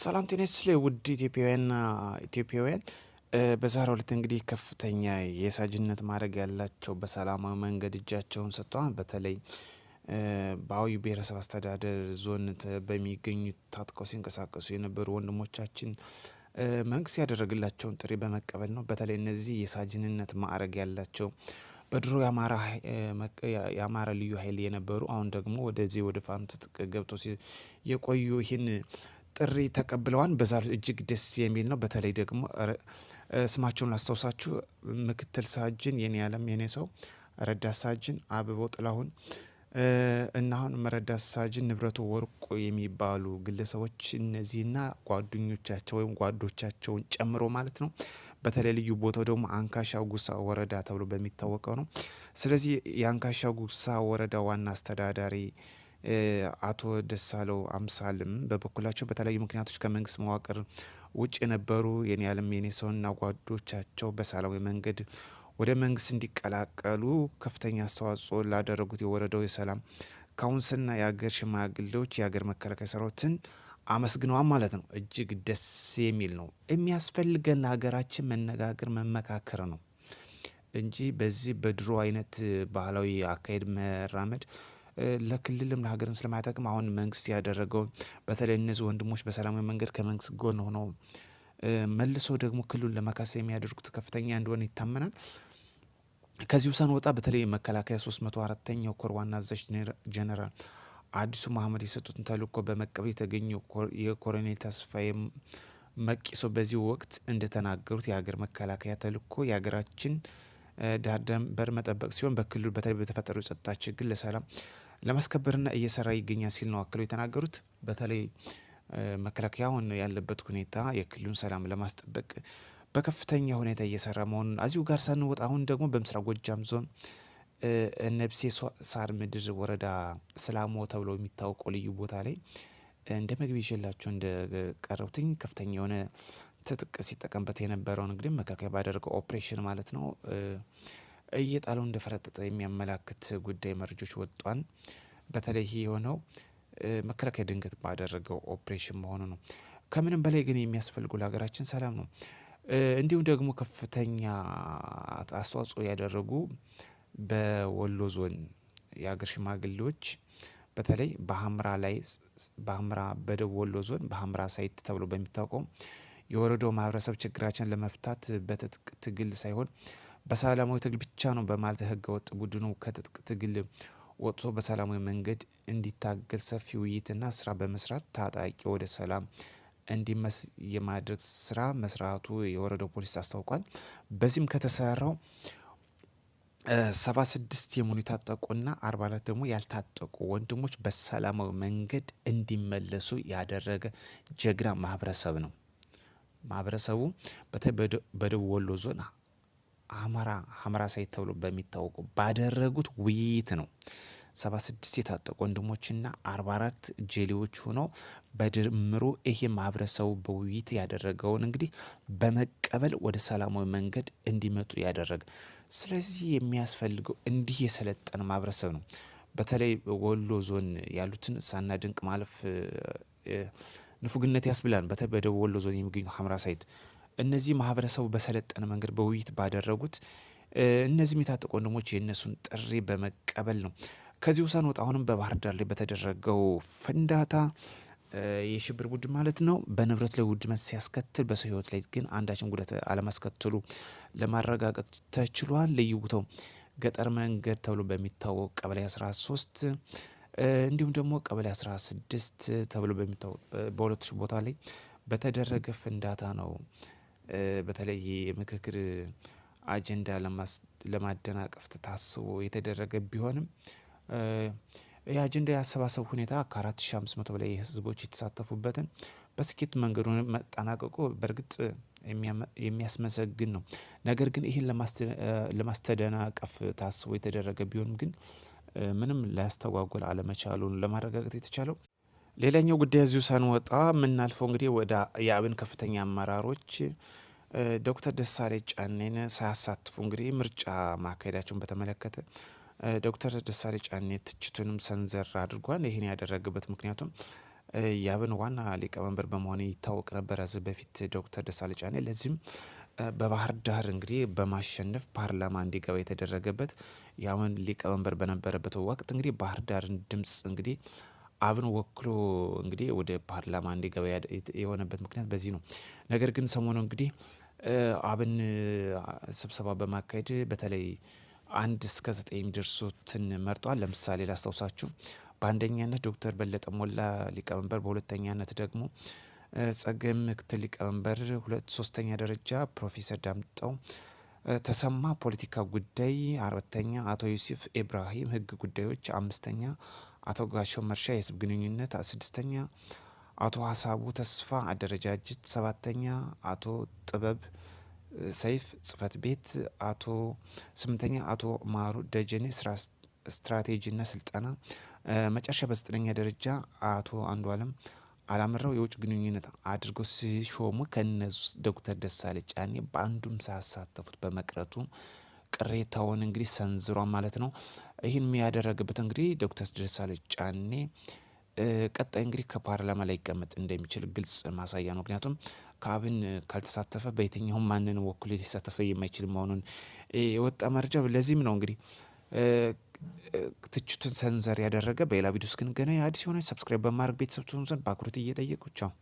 ሰላም ጤና ስለ ውድ ኢትዮጵያውያንና ኢትዮጵያውያን በዛሬው ዕለት እንግዲህ ከፍተኛ የሳጅነት ማድረግ ያላቸው በሰላማዊ መንገድ እጃቸውን ሰጥተዋል። በተለይ በአዊ ብሔረሰብ አስተዳደር ዞን በሚገኙ ታጥቀው ሲንቀሳቀሱ የነበሩ ወንድሞቻችን መንግስት ያደረግላቸውን ጥሪ በመቀበል ነው። በተለይ እነዚህ የሳጅንነት ማዕረግ ያላቸው በድሮ የአማራ ልዩ ኃይል የነበሩ አሁን ደግሞ ወደዚህ ወደ ፋኖ ትጥቅ ገብቶ የቆዩ ይህን ጥሪ ተቀብለዋን በዛ እጅግ ደስ የሚል ነው። በተለይ ደግሞ ስማቸውን ላስታውሳችሁ፣ ምክትል ሳጅን የኔ ያለም የኔ ሰው፣ ረዳት ሳጅን አበባው ጥላሁን እና አሁን መረዳት ሳጅን ንብረቱ ወርቁ የሚባሉ ግለሰቦች እነዚህና ጓደኞቻቸው ወይም ጓዶቻቸውን ጨምሮ ማለት ነው። በተለይ ልዩ ቦታው ደግሞ አንካሻ ጉሳ ወረዳ ተብሎ በሚታወቀው ነው። ስለዚህ የአንካሻ ጉሳ ወረዳ ዋና አስተዳዳሪ አቶ ደሳለው አምሳልም በበኩላቸው በተለያዩ ምክንያቶች ከመንግስት መዋቅር ውጭ የነበሩ የኔ ያለም የኔ ሰውና ጓዶቻቸው በሰላማዊ መንገድ ወደ መንግስት እንዲቀላቀሉ ከፍተኛ አስተዋጽኦ ላደረጉት የወረዳው የሰላም ካውንስልና የሀገር ሽማግሌዎች የሀገር መከላከያ ሰራዊትን አመስግነዋል ማለት ነው። እጅግ ደስ የሚል ነው። የሚያስፈልገን ሀገራችን መነጋገር መመካከር ነው እንጂ በዚህ በድሮ አይነት ባህላዊ አካሄድ መራመድ ለክልልም ለሀገርን ስለማይጠቅም አሁን መንግስት ያደረገው በተለይ እነዚህ ወንድሞች በሰላማዊ መንገድ ከመንግስት ጎን ሆነው መልሶ ደግሞ ክልሉን ለመካሰ የሚያደርጉት ከፍተኛ እንደሆነ ይታመናል። ከዚህ ውሳን ወጣ በተለይ መከላከያ 304ኛው ኮር ዋና አዛዥ ጀነራል አዲሱ መሀመድ የሰጡትን ተልእኮ በመቀበል የተገኘው የኮሎኔል ተስፋዬ መቂሶ በዚህ ወቅት እንደተናገሩት የሀገር መከላከያ ተልእኮ የሀገራችን ዳር ድንበር መጠበቅ ሲሆን በክልሉ በተለይ በተፈጠሩ የጸጥታ ችግር ለሰላም ለማስከበርና እየሰራ ይገኛል ሲል ነው አክሎ የተናገሩት። በተለይ መከላከያውን ያለበት ሁኔታ የክልሉን ሰላም ለማስጠበቅ በከፍተኛ ሁኔታ እየሰራ መሆኑን አዚሁ ጋር ሳንወጣ አሁን ደግሞ በምስራቅ ጎጃም ዞን ነብሴ ሳር ምድር ወረዳ ስላሞ ተብሎ የሚታወቀው ልዩ ቦታ ላይ እንደ መግቢ ይዤላቸው እንደቀረቡትኝ ከፍተኛ የሆነ ትጥቅ ሲጠቀምበት የነበረውን እንግዲህ መከላከያ ባደረገው ኦፕሬሽን ማለት ነው እየጣለው እንደፈረጠጠ የሚያመላክት ጉዳይ መረጆች ወጧን። በተለይ ይህ የሆነው መከላከያ ድንገት ባደረገው ኦፕሬሽን መሆኑ ነው። ከምንም በላይ ግን የሚያስፈልጉ ለሀገራችን ሰላም ነው። እንዲሁም ደግሞ ከፍተኛ አስተዋጽኦ ያደረጉ በወሎ ዞን የሀገር ሽማግሌዎች በተለይ በሀምራ ላይ በሀምራ በደቡብ ወሎ ዞን በሀምራ ሳይት ተብሎ በሚታወቀው የወረዳው ማህበረሰብ ችግራችን ለመፍታት በትጥቅ ትግል ሳይሆን በሰላማዊ ትግል ብቻ ነው በማለት ህገወጥ ቡድኑ ከትጥቅ ትግል ወጥቶ በሰላማዊ መንገድ እንዲታገል ሰፊ ውይይትና ስራ በመስራት ታጣቂ ወደ ሰላም እንዲመስ የማድረግ ስራ መስራቱ የወረዳው ፖሊስ አስታውቋል። በዚህም ከተሰራው ሰባ ስድስት የሙኑ የታጠቁና አርባ አራት ደግሞ ያልታጠቁ ወንድሞች በሰላማዊ መንገድ እንዲመለሱ ያደረገ ጀግና ማህበረሰብ ነው። ማህበረሰቡ በተለይ በደቡብ ወሎ ዞን አማራ ሀምራ ሳይት ተብሎ በሚታወቁ ባደረጉት ውይይት ነው። ሰባ ስድስት የታጠቁ ወንድሞችና አርባ አራት ጄሌዎች ሆነው በድምሩ ይሄ ማህበረሰቡ በውይይት ያደረገውን እንግዲህ በመቀበል ወደ ሰላማዊ መንገድ እንዲመጡ ያደረገ። ስለዚህ የሚያስፈልገው እንዲህ የሰለጠነ ማህበረሰብ ነው። በተለይ ወሎ ዞን ያሉትን ሳናድንቅ ማለፍ ንፉግነት ያስብላል። በተለይ በደቡብ ወሎ ዞን የሚገኙ ሀምራ ሳይት እነዚህ ማህበረሰቡ በሰለጠነ መንገድ በውይይት ባደረጉት እነዚህም የታጠቁ ወንድሞች የእነሱን ጥሪ በመቀበል ነው። ከዚሁ ሳንወጣ አሁንም በባህር ዳር ላይ በተደረገው ፍንዳታ የሽብር ቡድን ማለት ነው በንብረት ላይ ውድመት ሲያስከትል በሰው ህይወት ላይ ግን አንዳችን ጉዳት አለማስከትሉ ለማረጋገጥ ተችሏል። ልዩ ቦታው ገጠር መንገድ ተብሎ በሚታወቅ ቀበሌ 13 እንዲሁም ደግሞ ቀበሌ 16 ተብሎ በሚታወቅ በሁለቱ ቦታ ላይ በተደረገ ፍንዳታ ነው። በተለይ የምክክር አጀንዳ ለማደናቀፍ ታስቦ የተደረገ ቢሆንም የአጀንዳ የአሰባሰብ ሁኔታ ከ4500 በላይ ህዝቦች የተሳተፉበትን በስኬት መንገዱን መጠናቀቁ በእርግጥ የሚያስመሰግን ነው። ነገር ግን ይህን ለማስተደናቀፍ ታስቦ የተደረገ ቢሆንም ግን ምንም ላያስተጓጉል አለመቻሉን ለማረጋገጥ የተቻለው ሌላኛው ጉዳይ እዚሁ ሳንወጣ የምናልፈው እንግዲህ ወደ የአብን ከፍተኛ አመራሮች ዶክተር ደሳሌ ጫኔን ሳያሳትፉ እንግዲህ ምርጫ ማካሄዳቸውን በተመለከተ ዶክተር ደሳሌ ጫኔ ትችቱንም ሰንዘር አድርጓል። ይህን ያደረገበት ምክንያቱም የአብን ዋና ሊቀመንበር በመሆን ይታወቅ ነበር ከዚህ በፊት ዶክተር ደሳሌ ጫኔ። ለዚህም በባህር ዳር እንግዲህ በማሸነፍ ፓርላማ እንዲገባ የተደረገበት የአብን ሊቀመንበር በነበረበት ወቅት እንግዲህ ባህር ዳርን ድምፅ እንግዲህ አብን ወክሎ እንግዲህ ወደ ፓርላማ እንዲገባ የሆነበት ምክንያት በዚህ ነው። ነገር ግን ሰሞኑ እንግዲህ አብን ስብሰባ በማካሄድ በተለይ አንድ እስከ ዘጠኝ የሚደርሱትን መርጧል። ለምሳሌ ላስታውሳችሁ በአንደኛነት ዶክተር በለጠ ሞላ ሊቀመንበር፣ በሁለተኛነት ደግሞ ጸገም ምክትል ሊቀመንበር፣ ሁለት ሶስተኛ ደረጃ ፕሮፌሰር ዳምጠው ተሰማ ፖለቲካ ጉዳይ፣ አራተኛ አቶ ዩሲፍ ኢብራሂም ህግ ጉዳዮች፣ አምስተኛ አቶ ጋሻው መርሻ የህዝብ ግንኙነት ስድስተኛ፣ አቶ ሀሳቡ ተስፋ አደረጃጀት ሰባተኛ፣ አቶ ጥበብ ሰይፍ ጽህፈት ቤት አቶ ስምንተኛ፣ አቶ ማሩ ደጀኔ ስራ ስትራቴጂና ስልጠና መጨረሻ በዘጠነኛ ደረጃ አቶ አንዱ አለም አላምራው የውጭ ግንኙነት አድርገው ሲሾሙ ከነሱ ዶክተር ደሳለኝ ጫኔ በአንዱም ሳያሳተፉት በመቅረቱ ቅሬታውን እንግዲህ ሰንዝሯ ማለት ነው። ይህን የሚያደረግበት እንግዲህ ዶክተር ደሳለኝ ጫኔ ቀጣይ እንግዲህ ከፓርላማ ላይ ይቀመጥ እንደሚችል ግልጽ ማሳያ ነው። ምክንያቱም ከአብን ካልተሳተፈ በየትኛውም ማንን ወክሎ ሊሳተፈ የማይችል መሆኑን የወጣ መረጃ። ለዚህም ነው እንግዲህ ትችቱን ሰንዘር ያደረገ። በሌላ ቪዲዮ እስክንገናኝ አዲስ የሆነ ሰብስክራይብ በማድረግ ቤተሰብ ትሆኑ ዘንድ በአክብሮት እየጠየቁ ቻው።